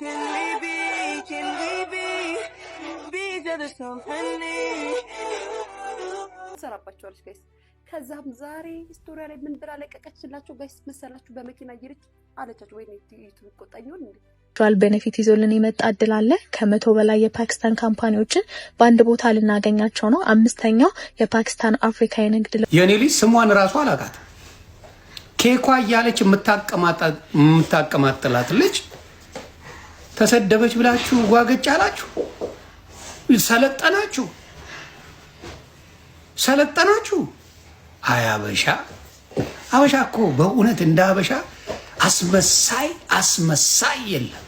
Can we be, can we be, be each other's company? ሰራባቸዋለች ጋይስ። ከዛም ዛሬ ስቶሪያ ላይ ምን ብላ ለቀቀችላቸው ጋይስ መሰላችሁ? በመኪና እየሄደች አለቻቸው። ወይ ዩቱብ ቆጣኝሆን እንግዲህ ቤኔፊት ይዞልን የመጣ እድል አለ። ከመቶ በላይ የፓኪስታን ካምፓኒዎችን በአንድ ቦታ ልናገኛቸው ነው። አምስተኛው የፓኪስታን አፍሪካ የንግድ የኔ ልጅ ስሟን ራሱ አላውቃት ኬኳ እያለች የምታቀማጥላት ልጅ ተሰደበች ብላችሁ ጓገጭ አላችሁ። ሰለጠናችሁ ሰለጠናችሁ። አይ አበሻ አበሻ እኮ በእውነት እንደ አበሻ አስመሳይ አስመሳይ የለም።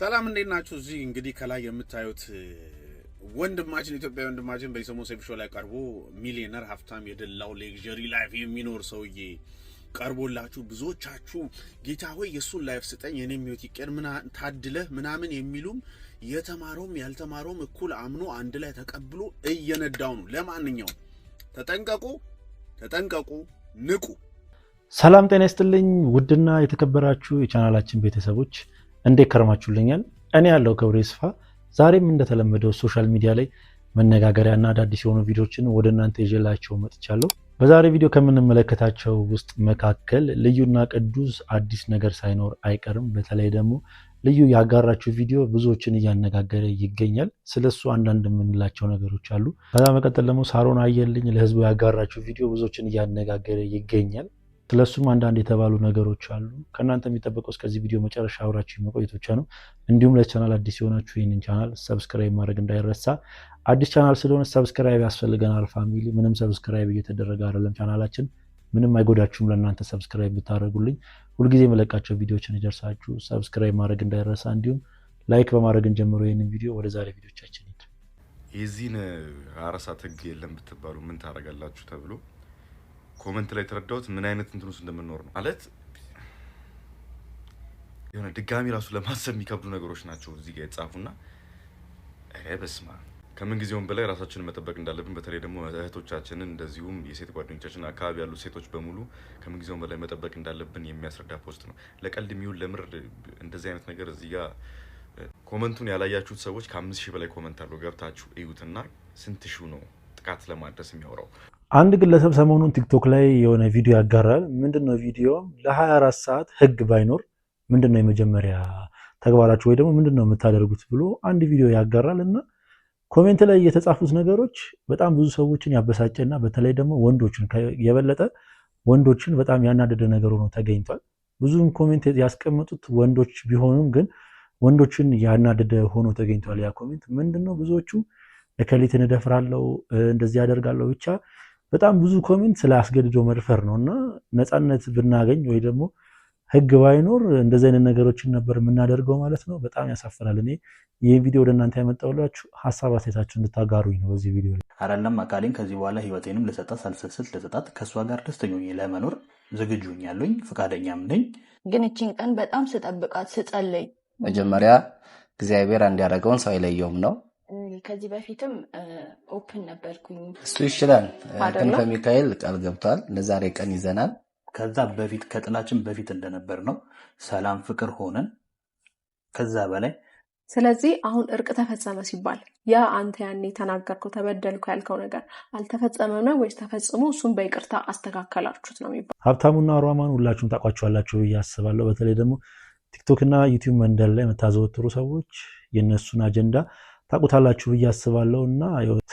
ሰላም እንዴት ናችሁ? እዚህ እንግዲህ ከላይ የምታዩት ወንድማችን ኢትዮጵያ ወንድማችን በኢሰሞ ሴፍ ሾው ላይ ቀርቦ ሚሊዮነር ሀብታም የደላው ሌክዠሪ ላይፍ የሚኖር ሰውዬ ቀርቦላችሁ ብዙዎቻችሁ ጌታ ሆይ የእሱን ላይፍ ስጠኝ የኔ የሚወት ይቀር ታድለህ ምናምን የሚሉም የተማረውም ያልተማረውም እኩል አምኖ አንድ ላይ ተቀብሎ እየነዳው ነው። ለማንኛውም ተጠንቀቁ፣ ተጠንቀቁ፣ ንቁ። ሰላም ጤና ይስጥልኝ። ውድና የተከበራችሁ የቻናላችን ቤተሰቦች እንዴት ከርማችሁልኛል? እኔ ያለው ክብሬ ስፋ። ዛሬም እንደተለመደው ሶሻል ሚዲያ ላይ መነጋገሪያና አዳዲስ የሆኑ ቪዲዮዎችን ወደ እናንተ ይዤላቸው መጥቻለሁ። በዛሬ ቪዲዮ ከምንመለከታቸው ውስጥ መካከል ልዩና ቅዱስ አዲስ ነገር ሳይኖር አይቀርም። በተለይ ደግሞ ልዩ ያጋራችሁ ቪዲዮ ብዙዎችን እያነጋገረ ይገኛል። ስለሱ አንዳንድ የምንላቸው ነገሮች አሉ። ከዛ መቀጠል ደግሞ ሳሮን አየልኝ ለህዝቡ ያጋራችሁ ቪዲዮ ብዙዎችን እያነጋገረ ይገኛል። ስለሱም አንዳንድ የተባሉ ነገሮች አሉ። ከእናንተ የሚጠበቀው እስከዚህ ቪዲዮ መጨረሻ አብራችሁ መቆየት ብቻ ነው። እንዲሁም ለቻናል አዲስ የሆናችሁ ይህንን ቻናል ሰብስክራይብ ማድረግ እንዳይረሳ። አዲስ ቻናል ስለሆነ ሰብስክራይብ ያስፈልገናል ፋሚሊ። ምንም ሰብስክራይብ እየተደረገ አይደለም ቻናላችን። ምንም አይጎዳችሁም። ለእናንተ ሰብስክራይብ ብታደረጉልኝ ሁልጊዜ የመለቃቸው ቪዲዮዎችን ይደርሳችሁ። ሰብስክራይብ ማድረግ እንዳይረሳ፣ እንዲሁም ላይክ በማድረግ እንጀምረው ይህንን ቪዲዮ። ወደ ዛሬ ቪዲዮቻችን የዚህን አረሳት ህግ የለም ብትባሉ ምን ታደርጋላችሁ ተብሎ ኮመንት ላይ የተረዳሁት ምን አይነት እንትን ውስጥ እንደምንኖር ነው ማለት የሆነ ድጋሚ ራሱ ለማሰብ የሚከብዱ ነገሮች ናቸው እዚህ ጋር የተጻፉና በስማ ከምን ጊዜውም በላይ ራሳችንን መጠበቅ እንዳለብን በተለይ ደግሞ እህቶቻችንን እንደዚሁም የሴት ጓደኞቻችን አካባቢ ያሉ ሴቶች በሙሉ ከምን ጊዜውም በላይ መጠበቅ እንዳለብን የሚያስረዳ ፖስት ነው። ለቀልድ የሚውል ለምር እንደዚህ አይነት ነገር እዚህ ጋር ኮመንቱን ያላያችሁት ሰዎች ከአምስት ሺህ በላይ ኮመንት አሉ። ገብታችሁ እዩትና ስንት ሺው ነው ጥቃት ለማድረስ የሚያወራው አንድ ግለሰብ ሰሞኑን ቲክቶክ ላይ የሆነ ቪዲዮ ያጋራል። ምንድን ነው ቪዲዮ? ለ24 ሰዓት ህግ ባይኖር ምንድን ነው የመጀመሪያ ተግባራችሁ ወይ ደግሞ ምንድን ነው የምታደርጉት ብሎ አንድ ቪዲዮ ያጋራል እና ኮሜንት ላይ የተጻፉት ነገሮች በጣም ብዙ ሰዎችን ያበሳጨ እና በተለይ ደግሞ ወንዶችን የበለጠ ወንዶችን በጣም ያናደደ ነገር ሆኖ ተገኝቷል። ብዙም ኮሜንት ያስቀመጡት ወንዶች ቢሆኑም ግን ወንዶችን ያናደደ ሆኖ ተገኝቷል። ያ ኮሜንት ምንድን ነው? ብዙዎቹ እከሊትን እደፍራለሁ፣ እንደዚህ ያደርጋለሁ ብቻ በጣም ብዙ ኮሚንት ስለ አስገድዶ መድፈር ነው እና ነፃነት ብናገኝ ወይ ደግሞ ህግ ባይኖር እንደዚህ አይነት ነገሮችን ነበር የምናደርገው ማለት ነው። በጣም ያሳፍራል። እኔ ይህን ቪዲዮ ወደ እናንተ ያመጣሁላችሁ ሀሳብ አስተያየታችሁ እንድታጋሩኝ ነው። በዚህ ቪዲዮ ላይ አራለም አካሌን ከዚህ በኋላ ህይወቴንም ልሰጣት ሳልሰስት ልሰጣት ከእሷ ጋር ደስተኛ ለመኖር ዝግጁ ያለኝ ፈቃደኛም ነኝ። ግን እችን ቀን በጣም ስጠብቃት ስጸለይ መጀመሪያ እግዚአብሔር እንዲያደረገውን ሰው አይለየውም ነው ከዚህ በፊትም ኦፕን ነበርኩኝ። እሱ ይችላል። ክንፈ ሚካኤል ቃል ገብቷል። ለዛሬ ቀን ይዘናል። ከዛ በፊት ከጥላችን በፊት እንደነበር ነው። ሰላም ፍቅር ሆነን ከዛ በላይ ስለዚህ አሁን እርቅ ተፈጸመ ሲባል ያ አንተ ያኔ ተናገርከው ተበደልኩ ያልከው ነገር አልተፈጸመም ነው ወይስ ተፈጽሞ እሱን በይቅርታ አስተካከላችሁት ነው የሚባል? ሀብታሙና ሯማን ሁላችሁም ታውቋቸዋላችሁ ብዬ አስባለሁ። በተለይ ደግሞ ቲክቶክና ዩቲዩብ መንደር ላይ የምታዘወትሩ ሰዎች የእነሱን አጀንዳ ታቁታላችሁ ብዬ አስባለሁ እና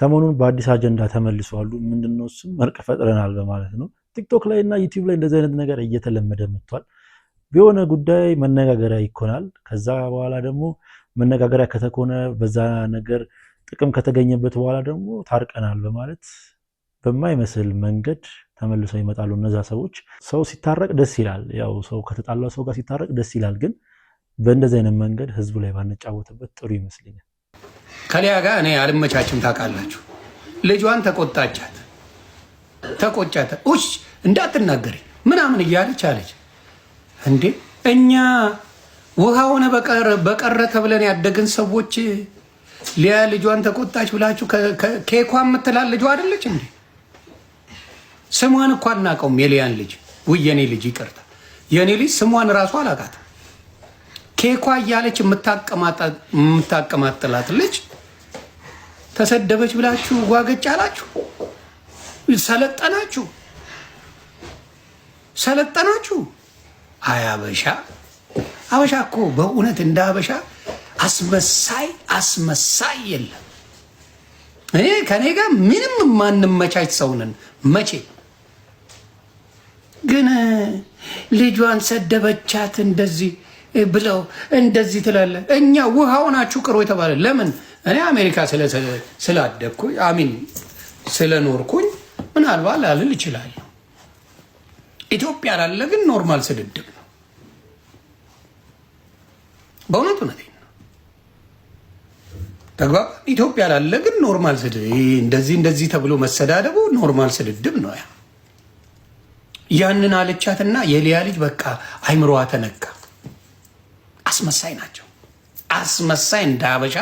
ሰሞኑን በአዲስ አጀንዳ ተመልሰዋሉ። ምንድነው እሱም እርቅ ፈጥረናል በማለት ነው። ቲክቶክ ላይ እና ዩቲዩብ ላይ እንደዚህ አይነት ነገር እየተለመደ መጥቷል። የሆነ ጉዳይ መነጋገሪያ ይኮናል። ከዛ በኋላ ደግሞ መነጋገሪያ ከተኮነ በዛ ነገር ጥቅም ከተገኘበት በኋላ ደግሞ ታርቀናል በማለት በማይመስል መንገድ ተመልሰው ይመጣሉ እነዛ ሰዎች። ሰው ሲታረቅ ደስ ይላል። ያው ሰው ከተጣላው ሰው ጋር ሲታረቅ ደስ ይላል። ግን በእንደዚህ አይነት መንገድ ህዝቡ ላይ ባንጫወትበት ጥሩ ይመስለኛል። ከሊያ ጋር እኔ አልመቻችም ታውቃላችሁ። ልጇን ተቆጣቻት ተቆጫት ውሽ እንዳትናገሪ ምናምን እያለች አለች። እንዴ እኛ ውሃ ሆነ በቀረ ተብለን ያደግን ሰዎች ሊያ ልጇን ተቆጣች ብላችሁ ኬኳ የምትላል ልጇ አይደለች እንዴ? ስሟን እኮ አናውቀውም። የሊያን ልጅ ውይ የኔ ልጅ ይቅርታ፣ የኔ ልጅ ስሟን እራሱ አላውቃትም። ኬኳ እያለች የምታቀማጥላት ልጅ ተሰደበች ብላችሁ ጓገጭ አላችሁ። ሰለጠናችሁ ሰለጠናችሁ። አይ አበሻ አበሻ እኮ በእውነት እንደ አበሻ አስመሳይ አስመሳይ የለም። እኔ ከኔ ጋር ምንም ማንመቻች ሰውንን መቼ ግን ልጇን ሰደበቻት እንደዚህ ብለው እንደዚህ ትላለ። እኛ ውሃው ናችሁ ቅሮ የተባለ ለምን እኔ አሜሪካ ስላደግኩ አሚን ስለኖርኩኝ ምናልባት ላልል እችላለሁ። ኢትዮጵያ ላለ ግን ኖርማል ስድድብ ነው። በእውነቱ ነ ተግባ ኢትዮጵያ ላለ ግን ኖርማል ስድ እንደዚህ እንደዚህ ተብሎ መሰዳደቡ ኖርማል ስድድብ ነው። ያ ያንን አለቻትና የሊያ ልጅ በቃ አይምሮዋ ተነካ። አስመሳይ ናቸው። አስመሳይ እንደ ሀበሻ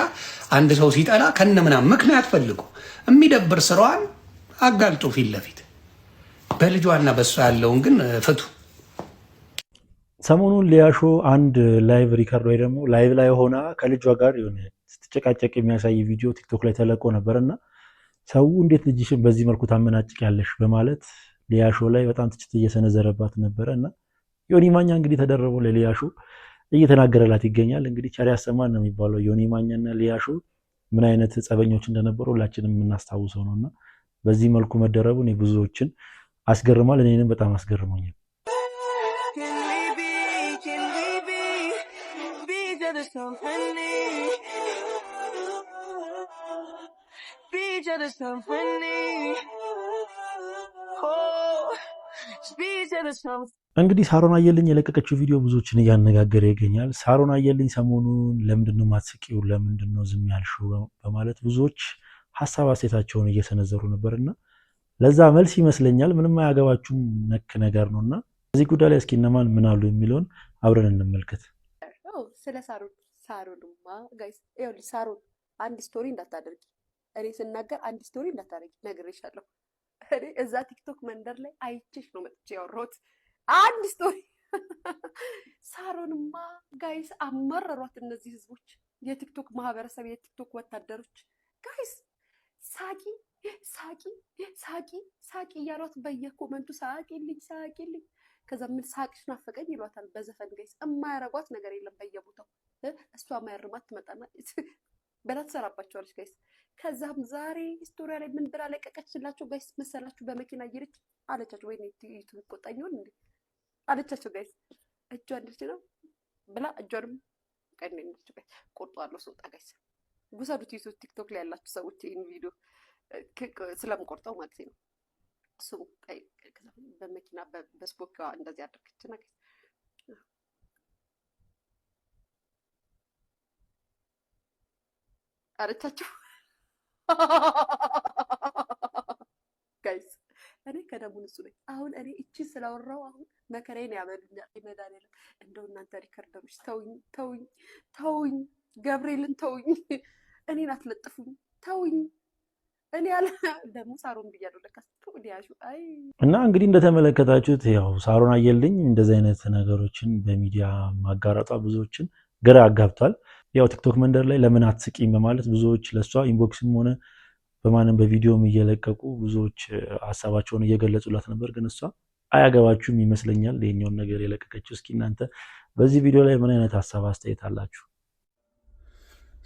አንድ ሰው ሲጠላ ከነምናም ምክንያት ፈልጎ የሚደብር ስራዋን አጋልጦ ፊት ለፊት በልጇና በሷ ያለውን ግን ፍቱ። ሰሞኑን ሊያሾ አንድ ላይቭ ሪከርድ ወይ ደግሞ ላይቭ ላይ ሆና ከልጇ ጋር የሆነ ስትጨቃጨቅ የሚያሳይ ቪዲዮ ቲክቶክ ላይ ተለቆ ነበር እና ሰው እንዴት ልጅሽን በዚህ መልኩ ታመናጭቅ ያለሽ በማለት ሊያሾ ላይ በጣም ትችት እየሰነዘረባት ነበረ እና ዮኒ ማኛ እንግዲህ ተደረበው ለሊያሾ እየተናገረላት ይገኛል። እንግዲህ ቸር ያሰማን ነው የሚባለው። ዮኒ ማኛና ሊያሹ ምን አይነት ጸበኞች እንደነበሩ ሁላችንም የምናስታውሰው ነው እና በዚህ መልኩ መደረቡ እኔ ብዙዎችን አስገርማል። እኔንም በጣም አስገርሞኛል። Be እንግዲህ ሳሮን አየልኝ የለቀቀችው ቪዲዮ ብዙዎችን እያነጋገረ ይገኛል። ሳሮን አየልኝ ሰሞኑን ለምንድነው ማትስቂው፣ ለምንድነው ዝም ያልሽው በማለት ብዙዎች ሀሳብ አስተያየታቸውን እየሰነዘሩ ነበርና ለዛ መልስ ይመስለኛል ምንም አያገባችሁም ነክ ነገር ነው እና እዚህ ጉዳይ ላይ እስኪ እነማን ምን አሉ የሚለውን አብረን እንመልከት። ስለ ሳሮን ሳሮንማ ሳሮን አንድ ስቶሪ እንዳታደርጊ እኔ ስናገር አንድ ስቶሪ እንዳታደርጊ ነግሬሻለሁ። እኔ እዛ ቲክቶክ መንደር ላይ አይቼሽ ነው መጥቼ ያወራሁት። አንድ ስቶሪ ሳሮንማ ጋይስ አመረሯት እነዚህ ህዝቦች፣ የቲክቶክ ማህበረሰብ፣ የቲክቶክ ወታደሮች ጋይስ ሳቂ ሳቂ ሳቂ ሳቂ እያሏት በየኮመንቱ ሳቂልኝ ሳቂልኝ። ከዛ ምን ሳቅሽ ናፈቀኝ ይሏታል በዘፈን ጋይስ። የማያረጓት ነገር የለም በየቦታው እሷ ማያርማት ትመጣና በላ ትሰራባቸዋለች ጋይስ። ከዛም ዛሬ ስቶሪያ ላይ ምን ብላ ለቀቀችላቸው ጋይስ መሰላችሁ? በመኪና እየሄደች አለቻቸው፣ ወይ ዩቱብ ቆጣኝ ሆን እንዴ አለቻቸው ጋይስ። እጇ እንደች ነው ብላ እጇንም ቀን ነች ጋይስ። ቁርጦ አለው ስወጣ ጋይስ ጉሳዱት። ዩቱብ ቲክቶክ ላይ ያላችሁ ሰዎች ይህን ቪዲዮ ስለምቆርጠው ማለት ነው። እሱ በመኪና በስፖኪዋ እንደዚህ አደረገችና ጋይስ አረቻችሁ ጋይስ። እኔ ከደሙ ንጹ ነኝ። አሁን እኔ እቺ ስለወራው አሁን መከራዬን ያበሉኛል። መድኃኒዓለም እንደው እናንተ ሪከርደሮች ተውኝ፣ ተውኝ፣ ተውኝ፣ ገብርኤልን ተውኝ፣ እኔን አትለጥፉኝ፣ ተውኝ። እኔ ያለ ደግሞ ሳሮን ብያለሁ ለካ አይ። እና እንግዲህ እንደተመለከታችሁት ያው ሳሮን አየልኝ እንደዚህ አይነት ነገሮችን በሚዲያ ማጋረጧ ብዙዎችን ግራ አጋብቷል። ያው ቲክቶክ መንደር ላይ ለምን አትስቂም በማለት ብዙዎች ለእሷ ኢንቦክስም ሆነ በማንም በቪዲዮም እየለቀቁ ብዙዎች ሀሳባቸውን እየገለጹላት ነበር። ግን እሷ አያገባችሁም ይመስለኛል ይህኛውን ነገር የለቀቀችው። እስኪ እናንተ በዚህ ቪዲዮ ላይ ምን አይነት ሀሳብ አስተያየት አላችሁ?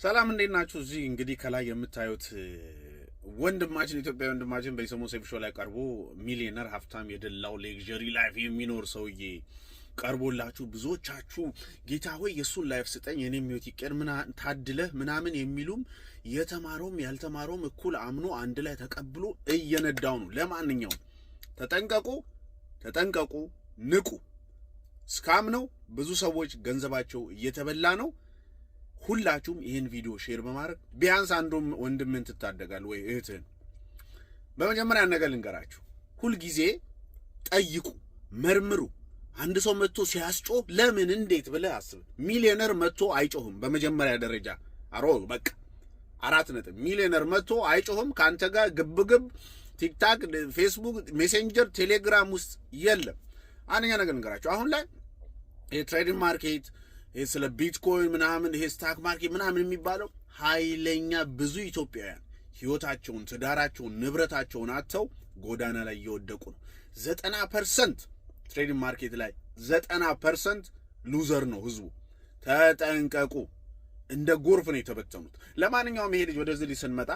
ሰላም እንዴት ናችሁ? እዚህ እንግዲህ ከላይ የምታዩት ወንድማችን ኢትዮጵያ ወንድማችን በኢሰሞ ሾው ላይ ቀርቦ ሚሊዮነር ሀብታም የደላው ሌግዠሪ ላይፍ የሚኖር ሰውዬ ቀርቦላችሁ ብዙዎቻችሁ ጌታ ሆይ የእሱን ላይፍ ስጠኝ የኔ የሚወት ይቀር ታድለህ ምናምን የሚሉም የተማረውም ያልተማረውም እኩል አምኖ አንድ ላይ ተቀብሎ እየነዳው ነው። ለማንኛውም ተጠንቀቁ፣ ተጠንቀቁ፣ ንቁ። ስካም ነው። ብዙ ሰዎች ገንዘባቸው እየተበላ ነው። ሁላችሁም ይህን ቪዲዮ ሼር በማድረግ ቢያንስ አንዱም ወንድምን ትታደጋል ወይ እህትህን። በመጀመሪያ ነገር ልንገራችሁ፣ ሁልጊዜ ጠይቁ፣ መርምሩ። አንድ ሰው መጥቶ ሲያስጮህ ለምን እንዴት ብለህ አስብ። ሚሊዮነር መጥቶ አይጮህም። በመጀመሪያ ደረጃ አሮ በቃ አራት ነጥብ። ሚሊዮነር መጥቶ አይጮህም። ከአንተ ጋር ግብግብ ቲክታክ፣ ፌስቡክ፣ ሜሴንጀር፣ ቴሌግራም ውስጥ የለም። አንደኛ ነገር ንገራቸው። አሁን ላይ ትሬዲንግ ማርኬት ይሄ ስለ ቢትኮይን ምናምን ይሄ ስታክ ማርኬት ምናምን የሚባለው ኃይለኛ ብዙ ኢትዮጵያውያን ህይወታቸውን፣ ትዳራቸውን፣ ንብረታቸውን አጥተው ጎዳና ላይ እየወደቁ ነው። ዘጠና ፐርሰንት ትሬዲንግ ማርኬት ላይ ዘጠና ፐርሰንት ሉዘር ነው ህዝቡ። ተጠንቀቁ። እንደ ጎርፍ ነው የተበተኑት። ለማንኛውም ይሄ ልጅ ወደዚህ ልጅ ስንመጣ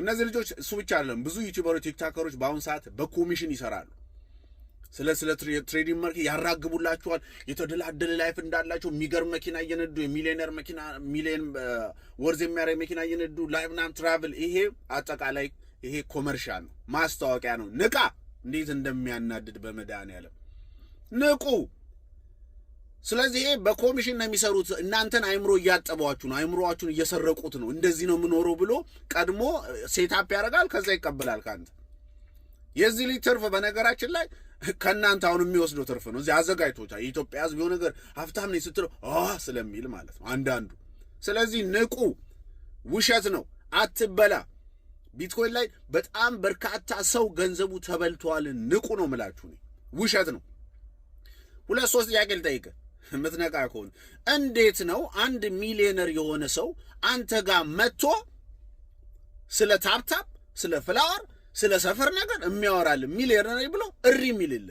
እነዚህ ልጆች እሱ ብቻ አይደለም፣ ብዙ ዩቲዩበሮች፣ ቲክታከሮች በአሁኑ ሰዓት በኮሚሽን ይሰራሉ። ስለ ስለ ትሬዲንግ ማርኬት ያራግቡላችኋል። የተደላደለ ላይፍ እንዳላቸው የሚገርም መኪና እየነዱ የሚሊዮነር መኪና ሚሊዮን ወርዝ የሚያደርግ መኪና እየነዱ ላይፍ ናም ትራቭል። ይሄ አጠቃላይ ይሄ ኮመርሻል ነው፣ ማስታወቂያ ነው። ንቃ! እንዴት እንደሚያናድድ በመድኃኒዓለም ንቁ። ስለዚህ በኮሚሽን ነው የሚሰሩት። እናንተን አይምሮ እያጠቧችሁ ነው፣ አይምሮችሁን እየሰረቁት ነው። እንደዚህ ነው የምኖረው ብሎ ቀድሞ ሴታፕ ያደርጋል፣ ከዛ ይቀበላል ከአንተ። የዚህ ልጅ ትርፍ በነገራችን ላይ ከእናንተ አሁን የሚወስደው ትርፍ ነው። እዚህ አዘጋጅቶታል። የኢትዮጵያ ሕዝብ የሆነ ነገር ሀብታም ነኝ ስትለው ስለሚል ማለት ነው አንዳንዱ። ስለዚህ ንቁ፣ ውሸት ነው፣ አትበላ። ቢትኮይን ላይ በጣም በርካታ ሰው ገንዘቡ ተበልተዋል። ንቁ ነው ምላችሁ፣ ውሸት ነው። ሁለት ሶስት ጥያቄ ልጠይቅ ምትነቃ ከሆነ እንዴት ነው አንድ ሚሊዮነር የሆነ ሰው አንተ ጋር መጥቶ ስለ ታፕታፕ ስለ ፍላወር ስለ ሰፈር ነገር የሚያወራል ሚሊዮነር ብሎ እሪ የሚልል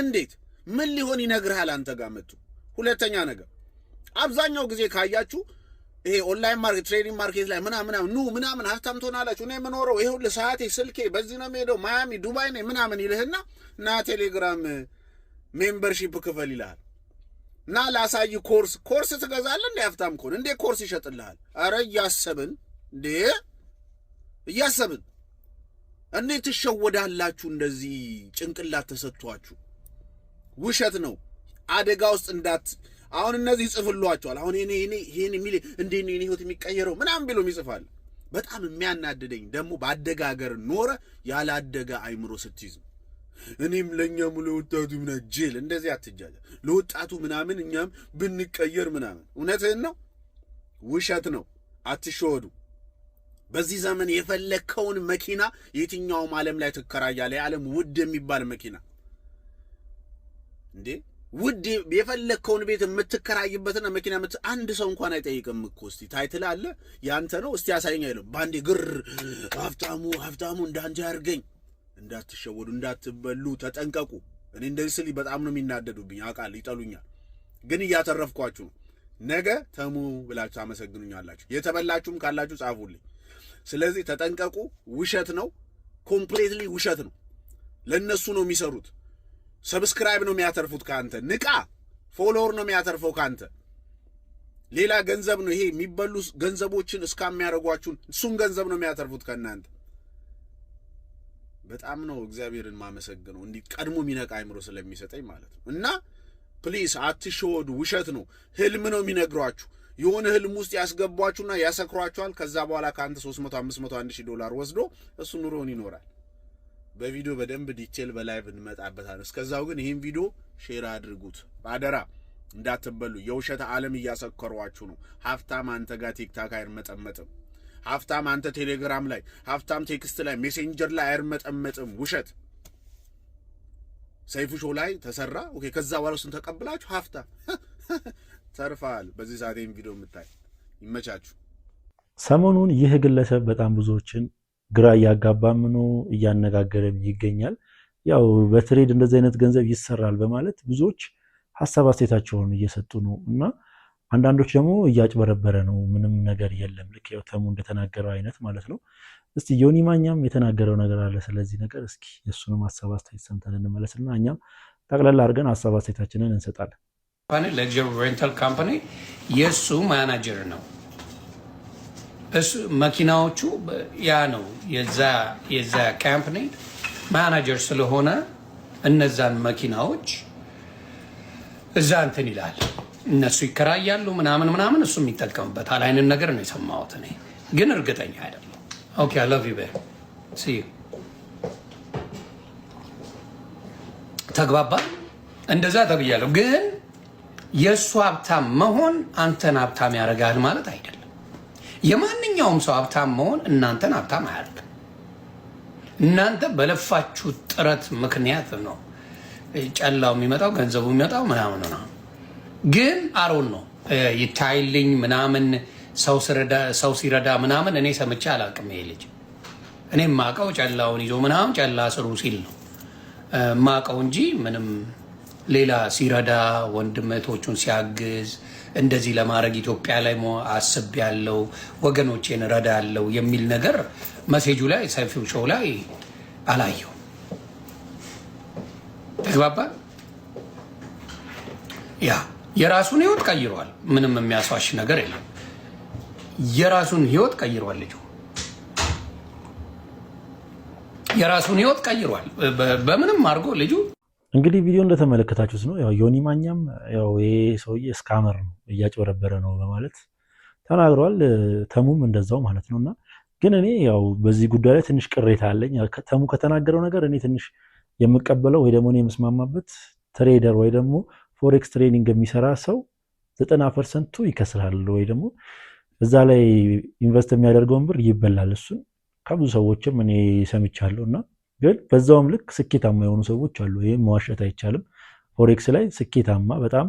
እንዴት ምን ሊሆን ይነግርሃል አንተ ጋር መጥቶ ሁለተኛ ነገር አብዛኛው ጊዜ ካያችሁ ይሄ ኦንላይን ማርኬት ትሬዲንግ ማርኬት ላይ ምናምን ኑ ምናምን ሀብታም ትሆናላችሁ። እኔ የምኖረው ይሄ ሁሉ ሰዓቴ ስልኬ በዚህ ነው የምሄደው ማያሚ ዱባይ ነኝ ምናምን ይልህና እና ቴሌግራም ሜምበርሺፕ ክፈል ይልሃል። እና ላሳይ ኮርስ ኮርስ ትገዛለህ እንዴ? ሀብታም ከሆነ እንዴ ኮርስ ይሸጥልሃል። አረ እያሰብን እንዴ እያሰብን እንዴ ትሸወዳላችሁ። እንደዚህ ጭንቅላት ተሰጥቷችሁ ውሸት ነው። አደጋ ውስጥ እንዳት አሁን እነዚህ ይጽፍሏቸዋል። አሁን ይሄኔ ይሄን የሚል እንዴ ነው ህይወት የሚቀየረው ምናምን ብሎም ይጽፋል። በጣም የሚያናድደኝ ደግሞ በአደጋገር ኖረ ያላደገ አይምሮ ስትይዝ እኔም ለእኛም ለወጣቱ ምና ጄል እንደዚህ አትጃለ ለወጣቱ ምናምን እኛም ብንቀየር ምናምን እውነትህን ነው፣ ውሸት ነው። አትሸወዱ። በዚህ ዘመን የፈለከውን መኪና የትኛውም ዓለም ላይ ትከራያለህ። የዓለም ውድ የሚባል መኪና እንዴ ውድ የፈለግከውን ቤት የምትከራይበትና መኪና ምት አንድ ሰው እንኳን አይጠይቅም እኮ። እስቲ ታይትል አለ ያንተ ነው እስቲ ያሳየኝ አይልም። በአንዴ ግር ሀብታሙ ሀብታሙ እንዳንተ ያርገኝ እንዳትሸወዱ፣ እንዳትበሉ ተጠንቀቁ። እኔ እንደዚህ ስል በጣም ነው የሚናደዱብኝ፣ አውቃለሁ፣ ይጠሉኛል። ግን እያተረፍኳችሁ ነው። ነገ ተሙ ብላችሁ ታመሰግኑኛላችሁ። የተበላችሁም ካላችሁ ጻፉልኝ። ስለዚህ ተጠንቀቁ። ውሸት ነው፣ ኮምፕሌትሊ ውሸት ነው። ለእነሱ ነው የሚሰሩት። ሰብስክራይብ ነው የሚያተርፉት ከአንተ። ንቃ። ፎሎወር ነው የሚያተርፈው ከአንተ። ሌላ ገንዘብ ነው ይሄ የሚበሉ ገንዘቦችን እስካሚያደርጓችሁን፣ እሱን ገንዘብ ነው የሚያተርፉት ከእናንተ። በጣም ነው እግዚአብሔርን ማመሰግነው እንዲህ ቀድሞ የሚነቃ አይምሮ ስለሚሰጠኝ ማለት ነው። እና ፕሊስ አትሸወዱ፣ ውሸት ነው፣ ህልም ነው የሚነግሯችሁ። የሆነ ህልም ውስጥ ያስገቧችሁና ያሰክሯችኋል። ከዛ በኋላ ከአንተ 300፣ 500፣ 1000 ዶላር ወስዶ እሱ ኑሮውን ይኖራል። በቪዲዮ በደንብ ዲቴል በላይቭ እንመጣበታለን። እስከዛው ግን ይህን ቪዲዮ ሼር አድርጉት አደራ እንዳትበሉ። የውሸት ዓለም እያሰከሯችሁ ነው። ሀብታም አንተ ጋር ቲክታክ አይርመጠመጥም። ሀብታም አንተ ቴሌግራም ላይ ሀብታም ቴክስት ላይ ሜሴንጀር ላይ አይርመጠመጥም። ውሸት ሰይፉ ሾው ላይ ተሰራ። ኦኬ፣ ከዛ በኋላ እሱን ተቀብላችሁ ሀብታም ተርፋል። በዚህ ሰዓት ቪዲዮ የምታይ ይመቻችሁ። ሰሞኑን ይህ ግለሰብ በጣም ብዙዎችን ግራ እያጋባም ነው እያነጋገረም ይገኛል። ያው በትሬድ እንደዚህ አይነት ገንዘብ ይሰራል በማለት ብዙዎች ሀሳብ አስተያየታቸውን እየሰጡ ነው እና አንዳንዶች ደግሞ እያጭበረበረ ነው፣ ምንም ነገር የለም፣ ልክ ተሙ እንደተናገረው አይነት ማለት ነው። እስቲ ዮኒ ማኛም የተናገረው ነገር አለ ስለዚህ ነገር። እስኪ የእሱንም ሀሳብ አስተያየት ሰምተን እንመለስና እኛም ጠቅላላ አድርገን ሀሳብ አስተያየታችንን እንሰጣለን። ለግዠሪ ሬንታል ካምፓኒ የእሱ ማናጀር ነው። እሱ መኪናዎቹ ያ ነው የዛ ካምፓኒ ማናጀር ስለሆነ እነዛን መኪናዎች እዛ እንትን ይላል እነሱ ይከራያሉ ምናምን ምናምን እሱ የሚጠቀምበታል አላይንን ነገር ነው የሰማሁት። እኔ ግን እርግጠኛ አይደለም። ኦኬ አይ ላቭ ዩ ሲ ተግባባ። እንደዛ ተብያለሁ። ግን የእሱ ሀብታም መሆን አንተን ሀብታም ያደርጋል ማለት አይደለም። የማንኛውም ሰው ሀብታም መሆን እናንተን ሀብታም አያደርግም። እናንተ በለፋችሁ ጥረት ምክንያት ነው ጨላው የሚመጣው ገንዘቡ የሚመጣው ምናምን ነው። ግን አሮን ነው ይታይልኝ ምናምን ሰው ሲረዳ ምናምን እኔ ሰምቼ አላውቅም። ይሄ ልጅ እኔ የማውቀው ጨላውን ይዞ ምናምን ጨላ ስሩ ሲል ነው የማውቀው እንጂ ምንም ሌላ ሲረዳ ወንድመቶቹን ሲያግዝ እንደዚህ ለማድረግ ኢትዮጵያ ላይ አስብ ያለው ወገኖቼን ረዳ ያለው የሚል ነገር መሴጁ ላይ ሰፊው ሾው ላይ አላየው። ተግባባ ያ የራሱን ህይወት ቀይሯል። ምንም የሚያስዋሽ ነገር የለም። የራሱን ህይወት ቀይሯል። ልጁ የራሱን ህይወት ቀይሯል። በምንም አድርጎ ልጁ እንግዲህ ቪዲዮ እንደተመለከታችሁት ነው። ያው ዮኒ ማኛም ያው ይሄ ሰውዬ ስካመር ነው እያጭበረበረ ነው በማለት ተናግረዋል። ተሙም እንደዛው ማለት ነው። እና ግን እኔ ያው በዚህ ጉዳይ ላይ ትንሽ ቅሬታ አለኝ። ተሙ ከተናገረው ነገር እኔ ትንሽ የምቀበለው ወይ ደግሞ እኔ የምስማማበት ትሬደር ወይ ደግሞ ፎሬክስ ትሬዲንግ የሚሰራ ሰው ዘጠና ፐርሰንቱ ይከስራል ወይ ደግሞ እዛ ላይ ኢንቨስት የሚያደርገውን ብር ይበላል። እሱን ከብዙ ሰዎችም እኔ ሰምቻለሁ እና ግን በዛውም ልክ ስኬታማ የሆኑ ሰዎች አሉ። ይህም መዋሸት አይቻልም። ፎሬክስ ላይ ስኬታማ በጣም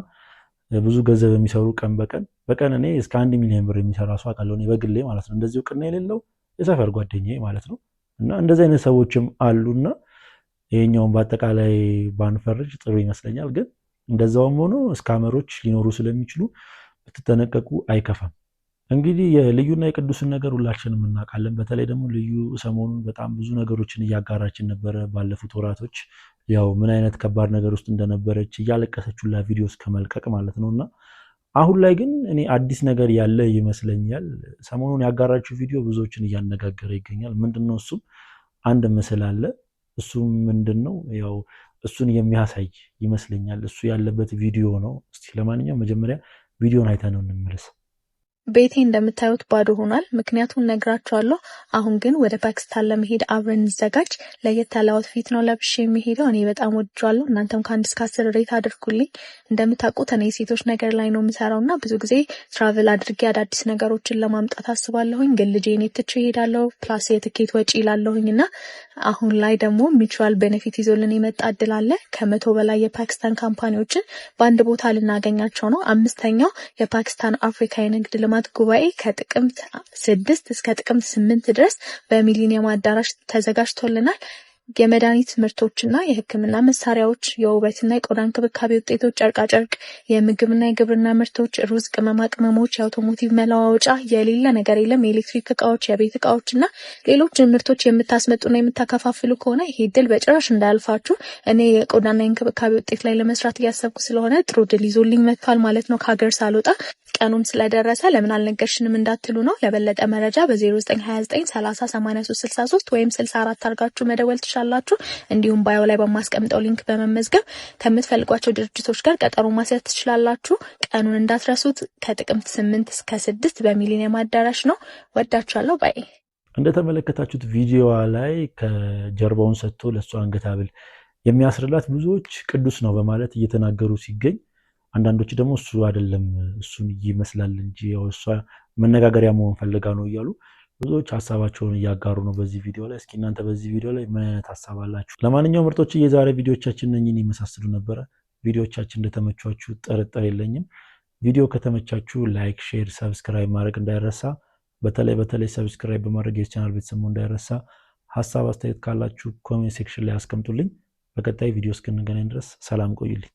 ብዙ ገንዘብ የሚሰሩ ቀን በቀን በቀን እኔ እስከ አንድ ሚሊዮን ብር የሚሰራ ሰው አውቃለሁ፣ በግሌ ማለት ነው። እንደዚህ እውቅና የሌለው የሰፈር ጓደኛ ማለት ነው። እና እንደዚህ አይነት ሰዎችም አሉና ይሄኛውን በአጠቃላይ ባንፈርጅ ጥሩ ይመስለኛል ግን እንደዛውም ሆኖ እስካመሮች ሊኖሩ ስለሚችሉ ብትጠነቀቁ አይከፋም። እንግዲህ የልዩና የቅዱስን ነገር ሁላችንም እናውቃለን። በተለይ ደግሞ ልዩ ሰሞኑን በጣም ብዙ ነገሮችን እያጋራችን ነበረ። ባለፉት ወራቶች ያው ምን አይነት ከባድ ነገር ውስጥ እንደነበረች እያለቀሰችላ ቪዲዮ እስከ መልቀቅ ማለት ነው እና አሁን ላይ ግን እኔ አዲስ ነገር ያለ ይመስለኛል። ሰሞኑን ያጋራችሁ ቪዲዮ ብዙዎችን እያነጋገረ ይገኛል። ምንድን ነው እሱም አንድ ምስል አለ። እሱም ምንድን ነው ያው እሱን የሚያሳይ ይመስለኛል። እሱ ያለበት ቪዲዮ ነው። እስቲ ለማንኛውም መጀመሪያ ቪዲዮን አይተነው ነው እንመለስ። ቤቴ እንደምታዩት ባዶ ሆኗል። ምክንያቱን ነግራችኋለሁ። አሁን ግን ወደ ፓኪስታን ለመሄድ አብረን እንዘጋጅ። ለየት ያለ አውትፊት ነው ለብሼ የሚሄደው። እኔ በጣም ወድጃለሁ። እናንተም ከአንድ እስከ አስር ሬት አድርጉልኝ። እንደምታውቁት እኔ ሴቶች ነገር ላይ ነው የምሰራው እና ብዙ ጊዜ ትራቨል አድርጌ አዳዲስ ነገሮችን ለማምጣት አስባለሁኝ። ግን ልጄ እኔ ትቼ እሄዳለሁ፣ ፕላስ የትኬት ወጪ ይላለሁኝ እና አሁን ላይ ደግሞ ሚቹዋል ቤኔፊት ይዞልን የመጣ እድል አለ። ከመቶ በላይ የፓኪስታን ካምፓኒዎችን በአንድ ቦታ ልናገኛቸው ነው። አምስተኛው የፓኪስታን አፍሪካ የንግድ የልማት ጉባኤ ከጥቅምት ስድስት እስከ ጥቅምት ስምንት ድረስ በሚሊኒየም አዳራሽ ተዘጋጅቶልናል። የመድኃኒት ምርቶችና የሕክምና መሳሪያዎች የውበትና የቆዳ እንክብካቤ ውጤቶች፣ ጨርቃጨርቅ፣ የምግብና የግብርና ምርቶች፣ ሩዝ፣ ቅመማ ቅመሞች፣ የአውቶሞቲቭ መለዋወጫ፣ የሌለ ነገር የለም፣ የኤሌክትሪክ እቃዎች፣ የቤት እቃዎች እና ሌሎች ምርቶች የምታስመጡና የምታከፋፍሉ ከሆነ ይሄ ድል በጭራሽ እንዳያልፋችሁ። እኔ የቆዳና የእንክብካቤ ውጤት ላይ ለመስራት እያሰብኩ ስለሆነ ጥሩ ድል ይዞልኝ መጥቷል ማለት ነው ከሀገር ሳልወጣ ቀኑም ስለደረሰ ለምን አልነገርሽንም እንዳትሉ ነው። ለበለጠ መረጃ በ0929 30 83 63 ወይም 64 አርጋችሁ መደወል ትችላላችሁ። እንዲሁም ባዮ ላይ በማስቀምጠው ሊንክ በመመዝገብ ከምትፈልጓቸው ድርጅቶች ጋር ቀጠሮ ማስያዝ ትችላላችሁ። ቀኑን እንዳትረሱት። ከጥቅምት ስምንት እስከ ስድስት በሚሊኒየም አዳራሽ ነው። ወዳችኋለሁ። ባይ እንደተመለከታችሁት ቪዲዮዋ ላይ ከጀርባውን ሰጥቶ ለእሱ አንገት ሐብል የሚያስርላት ብዙዎች ቅዱስ ነው በማለት እየተናገሩ ሲገኝ አንዳንዶች ደግሞ እሱ አይደለም እሱን ይመስላል እንጂ ያው እሷ መነጋገሪያ መሆን ፈልጋ ነው እያሉ ብዙዎች ሀሳባቸውን እያጋሩ ነው በዚህ ቪዲዮ ላይ። እስኪ እናንተ በዚህ ቪዲዮ ላይ ምን አይነት ሀሳብ አላችሁ? ለማንኛውም ምርቶች የዛሬ ቪዲዮቻችን እነኝን ይመሳስሉ ነበረ። ቪዲዮቻችን እንደተመቿችሁ ጥርጥር የለኝም። ቪዲዮ ከተመቻችሁ ላይክ፣ ሼር፣ ሰብስክራይብ ማድረግ እንዳይረሳ። በተለይ በተለይ ሰብስክራይብ በማድረግ የቻናል ቤተሰብ እንዳይረሳ። ሀሳብ አስተያየት ካላችሁ ኮሜንት ሴክሽን ላይ አስቀምጡልኝ። በቀጣይ ቪዲዮ እስክንገናኝ ድረስ ሰላም ቆዩልኝ።